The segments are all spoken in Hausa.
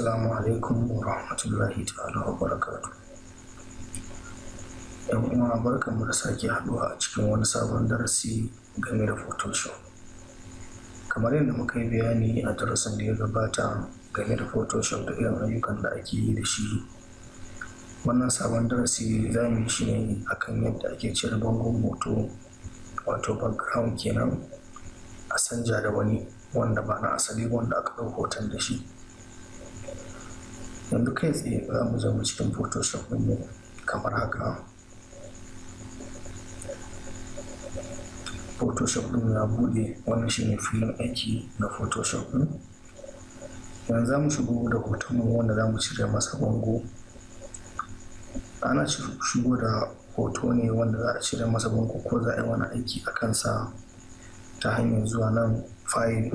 Assalamu alaikum wa rahmatullahi ta'ala wa barakatu. ‘Yan uwa barkan mu da sake haduwa a cikin wani sabon darasi game da Photoshop. Kamar yadda muka yi bayani a darasin da ya gabata game da Photoshop da irin ayyukan da ake yi da shi, wannan sabon darasi za mu yi shi ne akan yadda ake cire bangon hoto wato background kenan a sanja da wani wanda ba na asali wanda aka ɗau hoton da shi. yanzu kai tsaye za mu zama cikin photoshop mu kamar haka photoshop ɗin na buɗe wannan ne filin aiki na photoshop ɗin yanzu za mu shigo da hoton mu wanda za mu cire masa bango ana shigo da hoto ne wanda za a cire masa bango ko za a yi wani aiki a kansa ta hanyar zuwa nan file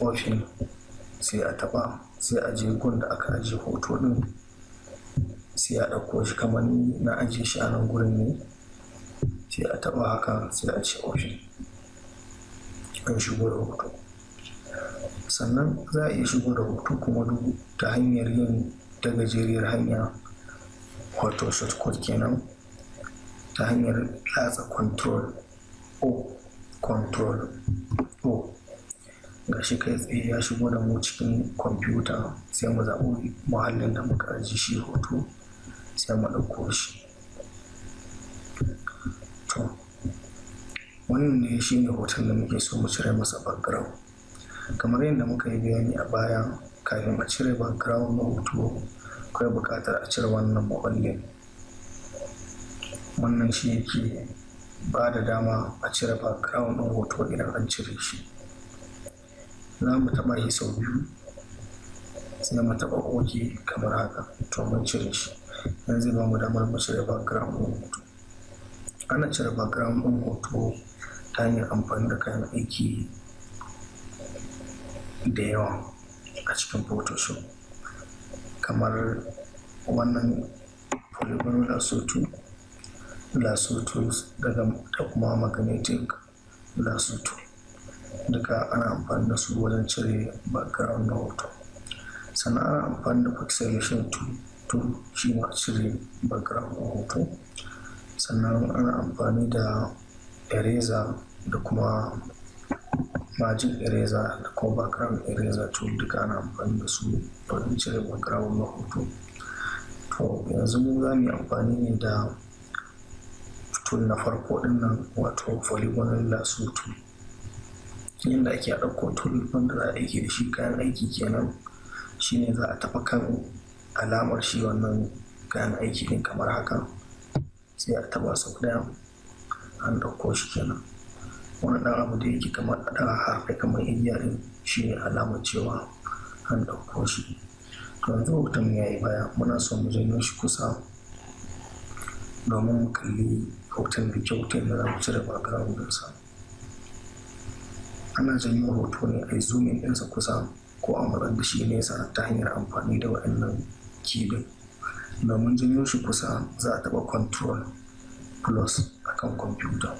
option sai a taɓa sai a je gun da aka ajiye hoto din sai a ɗauko shi kamar na ajiye shi a nan gurin ne sai a taɓa haka sai a ce ofi kan shigo da hoto sannan za a iya shigo da hoto kuma duk ta hanyar yin ta gajeriyar hanya wato shortcut kenan ta hanyar latsa control o control o ga shi kai tsaye ya shigo da mu cikin kwamfuta sai mu zaɓi muhallin da muka aji shi hoto sai mu ɗauko shi to wannan ne shi ne hoton da muke so mu cire masa background kamar yadda muka yi bayani a baya kafin a cire background na hoto akwai buƙatar a cire wannan muhallin wannan shi yake ba da dama a cire background na hoto idan an cire shi za mu taɓa yi sau biyu sai mu taɓa oke kamar haka to mun cire shi yanzu ba mu damar mu cire background ɗin hoto ana cire background ɗin hoto ta hanyar amfani da kayan aiki da yawa a cikin photoshop kamar wannan polygonal lasso lasso tools daga da kuma magnetic lasso duka ana amfani da su wajen cire background na hoto sannan ana amfani da pixelation tool shi ma cire background na hoto sannan ana amfani da eraser da kuma magic eraser da kuma background eraser tool duka ana amfani da su wajen cire background na hoto to yanzu mu za mu yi amfani ne da tool na farko dinnan nan wato polygonal lasso tool yadda ake ɗauko tulufin da za a aiki da shi kayan aiki kenan shine za a tafi kan alamar shi wannan kayan aiki din kamar haka sai a taba sau ɗaya an ɗauko shi kenan wani ɗan abu da yake kamar a ɗan harfe kamar igiya din ne alamar cewa an ɗauko shi to yanzu hoton ya yi baya muna so mu janyo shi kusa domin mu kalli hoton da kyau da za mu cire background sa ana janyo hoto ne a in ɗinsa kusa ko a matsar da shi nesa ta hanyar amfani da waɗannan kibin domin janyo shi kusa za a taɓa control plus a kan computer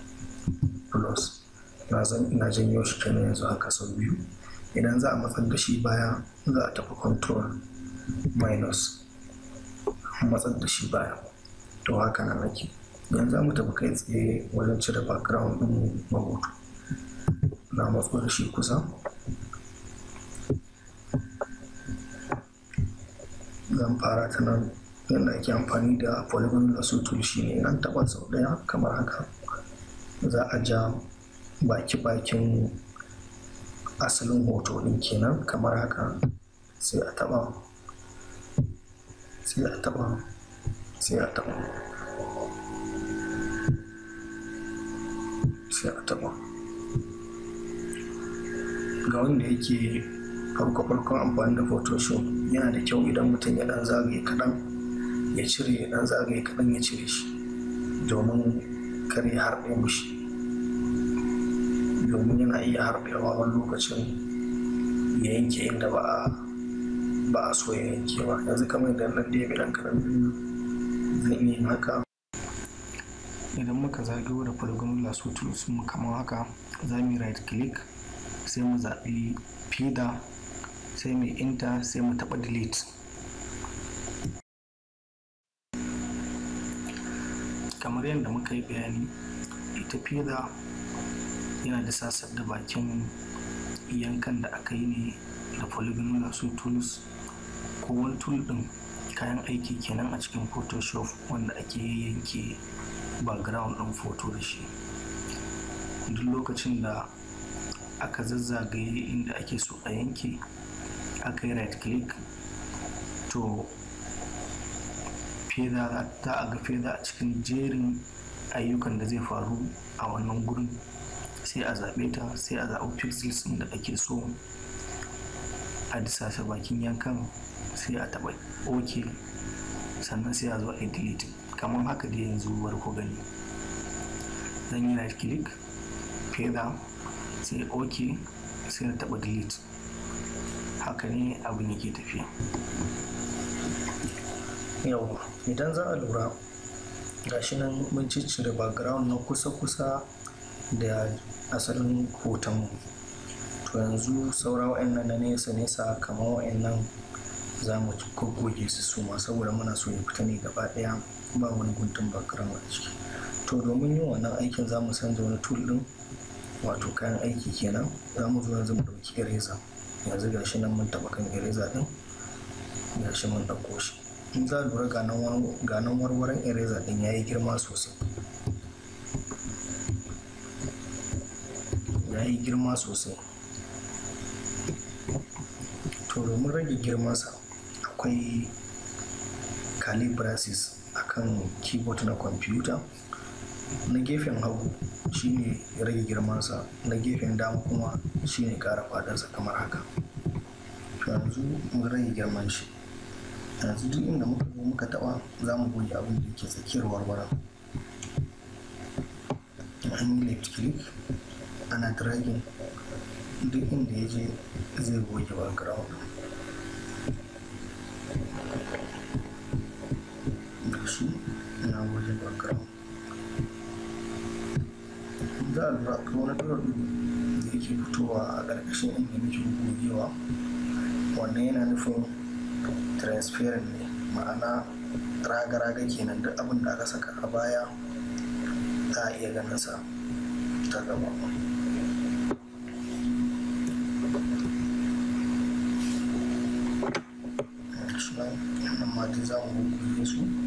plus na janyo shi kenan yanzu haka sau biyu idan za a matsar da shi baya za a taɓa control minus matsar da shi baya to haka na nake yanzu za mu tafi kai tsaye wajen cire background ɗin mahoto na matso da shi kusa zan fara ta nan yadda ake amfani da polygon lasso shi ne nan taɓa sau ɗaya kamar haka za a ja baki-bakin asalin hoto din kenan kamar haka sai a taɓa sai a taɓa sai a taɓa. sai a taba ga wanda yake farko farkon amfani da photoshop yana da kyau idan mutum ya dan zagaye kaɗan ya cire ya dan zagaye kaɗan ya cire shi domin kar ya harbe mushi domin yana iya harbewa wani lokacin ya yanke inda ba a ba a so ya yanke ba yanzu kamar idan nan da ya bidan karamin zan iya haka idan muka zagayo da polygon lasso tools mu kamar haka za mu yi right click sai mu zaɓi fida sai mu inta sai mu taɓa delete kamar yadda muka yi bayani ita fida yana da sasar da bakin yankan da aka yi ne da polygonal su tools ko wani tool ɗin kayan aiki kenan a cikin photoshop wanda ake yanke background ɗin photo da shi duk lokacin da aka zazzagaye inda ake so a yanke aka yi right click to feza za a ga feza a cikin jerin ayyukan da zai faru a wannan gurin sai a zaɓe ta sai a zaɓi pixels da ake so a disashe bakin yankan sai a taɓa ok sannan sai a zo a delete kamar haka da yanzu bar ku gani zan yi right click feza sai ok sai na taba delete haka ne abin ke tafiya yau idan za a lura gashi nan mun ciccire background na kusa-kusa da asalin hotonmu to yanzu saura wa'annan na nesa-nesa kamar wa'annan za mu goge su ma saboda muna so ya fita ne gaba daya ba wani guntun background a ciki to domin yin wannan aikin za mu sanza wani tool din wato kayan aiki kenan za mu zo yanzu mu ɗauki gireza yanzu gashi nan mun taɓa kan gireza ɗin gashi mun ɗauko shi in za lura ga nan warwaren eraser ɗin ya yi girma sosai ya yi girma sosai to domin rage girmansa akwai calibrasis akan keyboard na kwamfuta na gefen hagu shine rage girmansa na gefen dama kuma shine kara fadarsa kamar haka yanzu mun rage girman shi yanzu duk inda muka zo muka taba za mu goge abin da yake tsakiyar warware. an yi left click ana dragging duk inda ya je zai goge background da shi na goge background na lura akwai wani da yake fitowa a ƙarƙashin inda muke gogewa wannan yana nufin transparent ne ma'ana raga-raga kenan duk abin da aka saka a baya za a iya ganin sa ta gaba nan ma su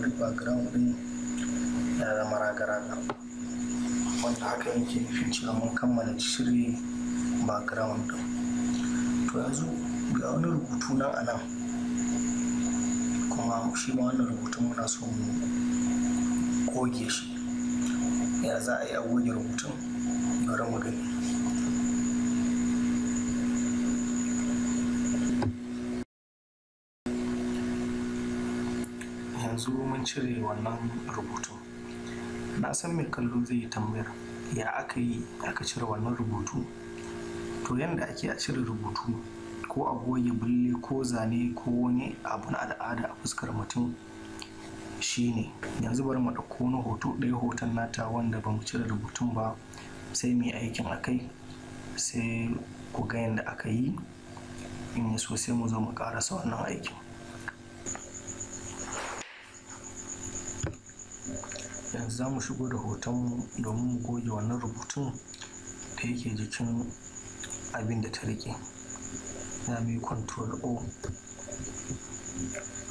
red background din ya zama raga-raga wanda haka yake nufin cewa mun kammala shirye background din to yanzu ga wani rubutu nan a nan kuma shi ma wannan rubutun muna so mu goge shi ya za a yi a goge rubutun bari mu gani cire wannan rubutu na san mai kallo zai yi tambayar ya aka yi aka cire wannan rubutu to yadda ake a cire rubutu ko a goge bulle ko zane ko wani abun al'ada a fuskar mutum shine yanzu bari mu ɗauko wani hoto ɗaya hoton nata wanda ba mu cire rubutun ba sai mu yi aikin kai sai ku ga yadda aka yi in so sai mu zo mu ƙarasa wannan aikin za mu shigo da hoton domin mu goge wannan rubutun da yake jikin abin da ta rike za mu yi control o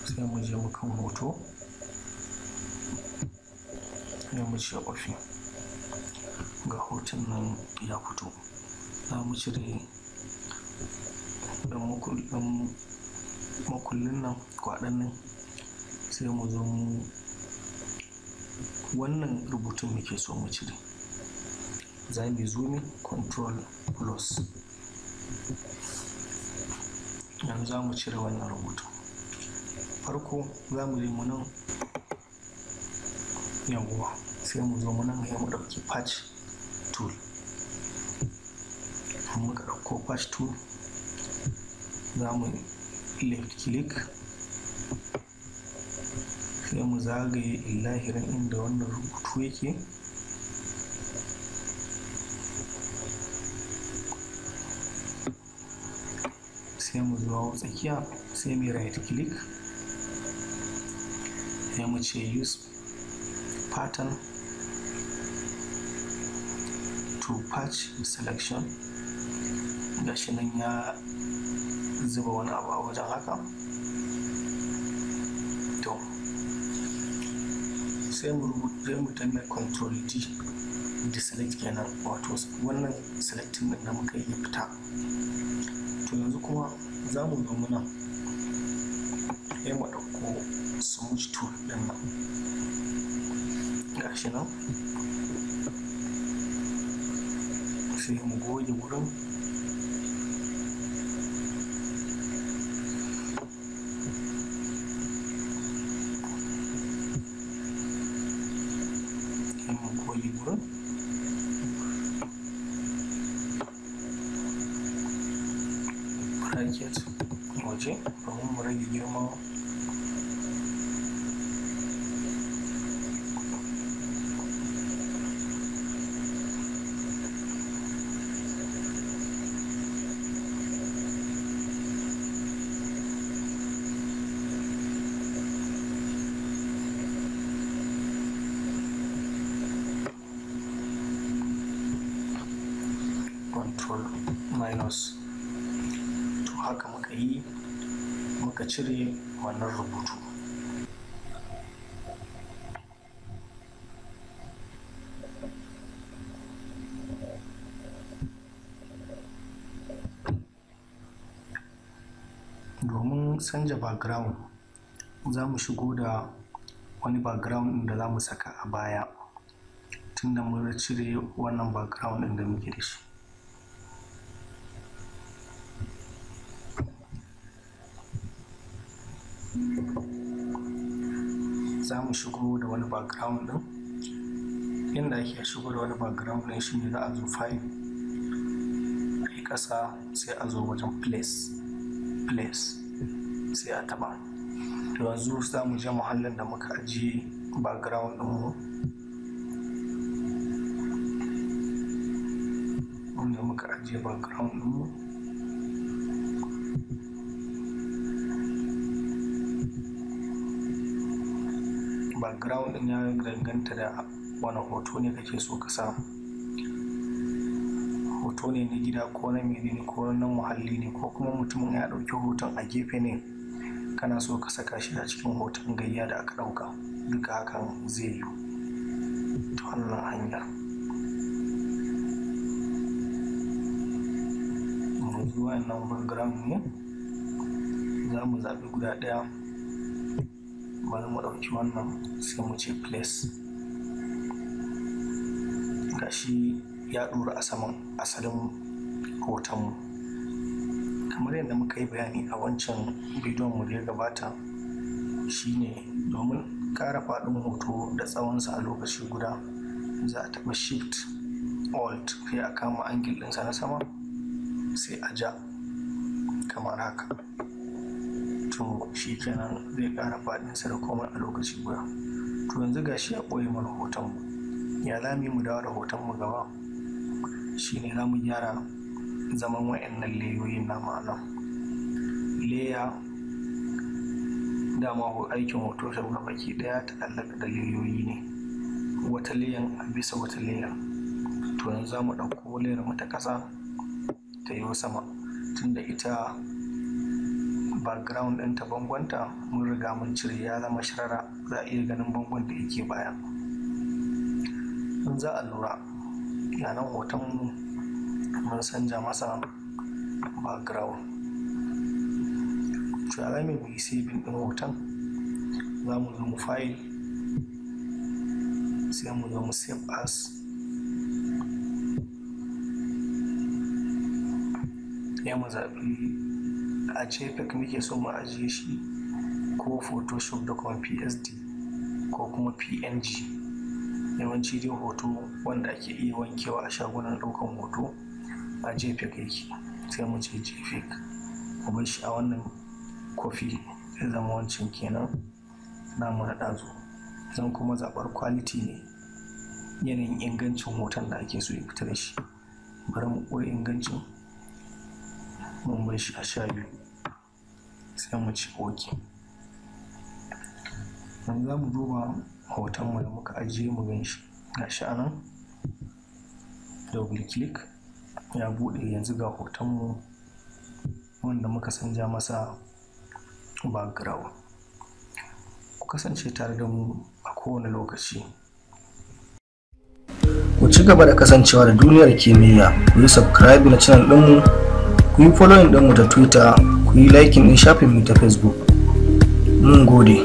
sai mu je mukan hoto sai mu ce ofi ga hoton nan ya fito za mu cire dan makullin nan kwaɗannan sai mu zo mu wannan rubutun muke so mu cire za mu zo ne control plus yanzu za mu cire wannan rubutun farko za mu mu nan yawwa sai mu zo mu nan ya mu ɗauki patch tool ka ɗauko patch tool za mu left click sai mu zagaye illahirin inda wannan rubutu yake sai mu zuwa tsakiya sai mu right click sai mu ce use pattern to patch selection gashi nan ya zuba wani abu a wajen haka sai mu sai mu danna control d da select kenan wato wannan selecting din da muka yi fita to yanzu kuma za mu zo muna sai mu ɗauko smooth tool ɗin nan gashi nan sai mu goge wurin போய் கூட Молодец. Молодец. По-моему, мы родили мама. takwas to haka muka yi muka cire wannan rubutu domin sanja background za mu shigo da wani background da za mu saka a baya tunda mun cire wannan background ɗin da muke da shi za mu shigo da wani background din inda ake shigo da wani background din shine za a zo file kai kasa sai a zo wajen place place sai a taba to yanzu za mu je muhallin da muka ajiye background din mu wanda muka ajiye background din mu background din ya danganta da wani hoto ne kake so ka samu hoto ne na gida ko na menene ko na muhalli ne ko kuma mutumin ya dauki hoton a gefe ne kana so ka saka shi a cikin hoton gayya da aka ɗauka duka hakan zai yi ta wannan hanyar yanzu wayannan background ne za mu zaɓi guda ɗaya bari mu ɗauki wannan sai mu ce place shi ya ɗora a saman asalin hotonmu kamar yadda muka yi bayani a wancan bidiyon mu da ya gabata shine domin ƙara faɗin hoto da tsawonsa a lokaci guda za a taɓa shift alt sai a kama angil ɗinsa na sama sai a ja kamar haka mutum shi kenan zai ƙara sa da komai a lokaci guda to yanzu ga shi a ɓoye mana hoton mu ya za mu dawo da hoton mu gaba shi ne za mu gyara zaman wa'annan layoyin na ma'ana leya dama aikin hoto na baki ɗaya ta allaka da layoyi ne wata layan a bisa wata layan to yanzu za mu ɗauko layar mata ƙasa ta yi sama tunda ita background ɗin ta bangonta mun riga mun cire ya zama shirara za a iya ganin bangon da yake baya in za a lura yanan nan hoton mun sanja masa background to za mai yi ɗin hoton za mu zo mu file sai mu zo mu save as ya mu zaɓi a jpeg muke so mu ajiye shi ko photoshop da kuma psd ko kuma png yawanci dai hoto wanda ake iya wankewa a shagunan ɗaukan hoto a jpeg yake sai mu ce jpeg mu shi a wannan kofi ya zama wancan kenan na mana ɗazu zan kuma zaɓar quality ne yanayin ingancin hoton da ake so ya fita da shi bari mu ingancin mun bar shi a sha biyu sai mu ci oke yanzu za mu duba hotonmu da muka ajiye mu gan shi ga shi anan double click ya buɗe yanzu ga hotonmu wanda muka sanja masa background ku kasance tare da mu a kowane lokaci ku ci gaba da kasancewa da duniyar kimiyya ku yi subscribe na channel ɗinmu ku yi following ɗinmu ta twitter ku yi likin din shafin mu ta facebook mun gode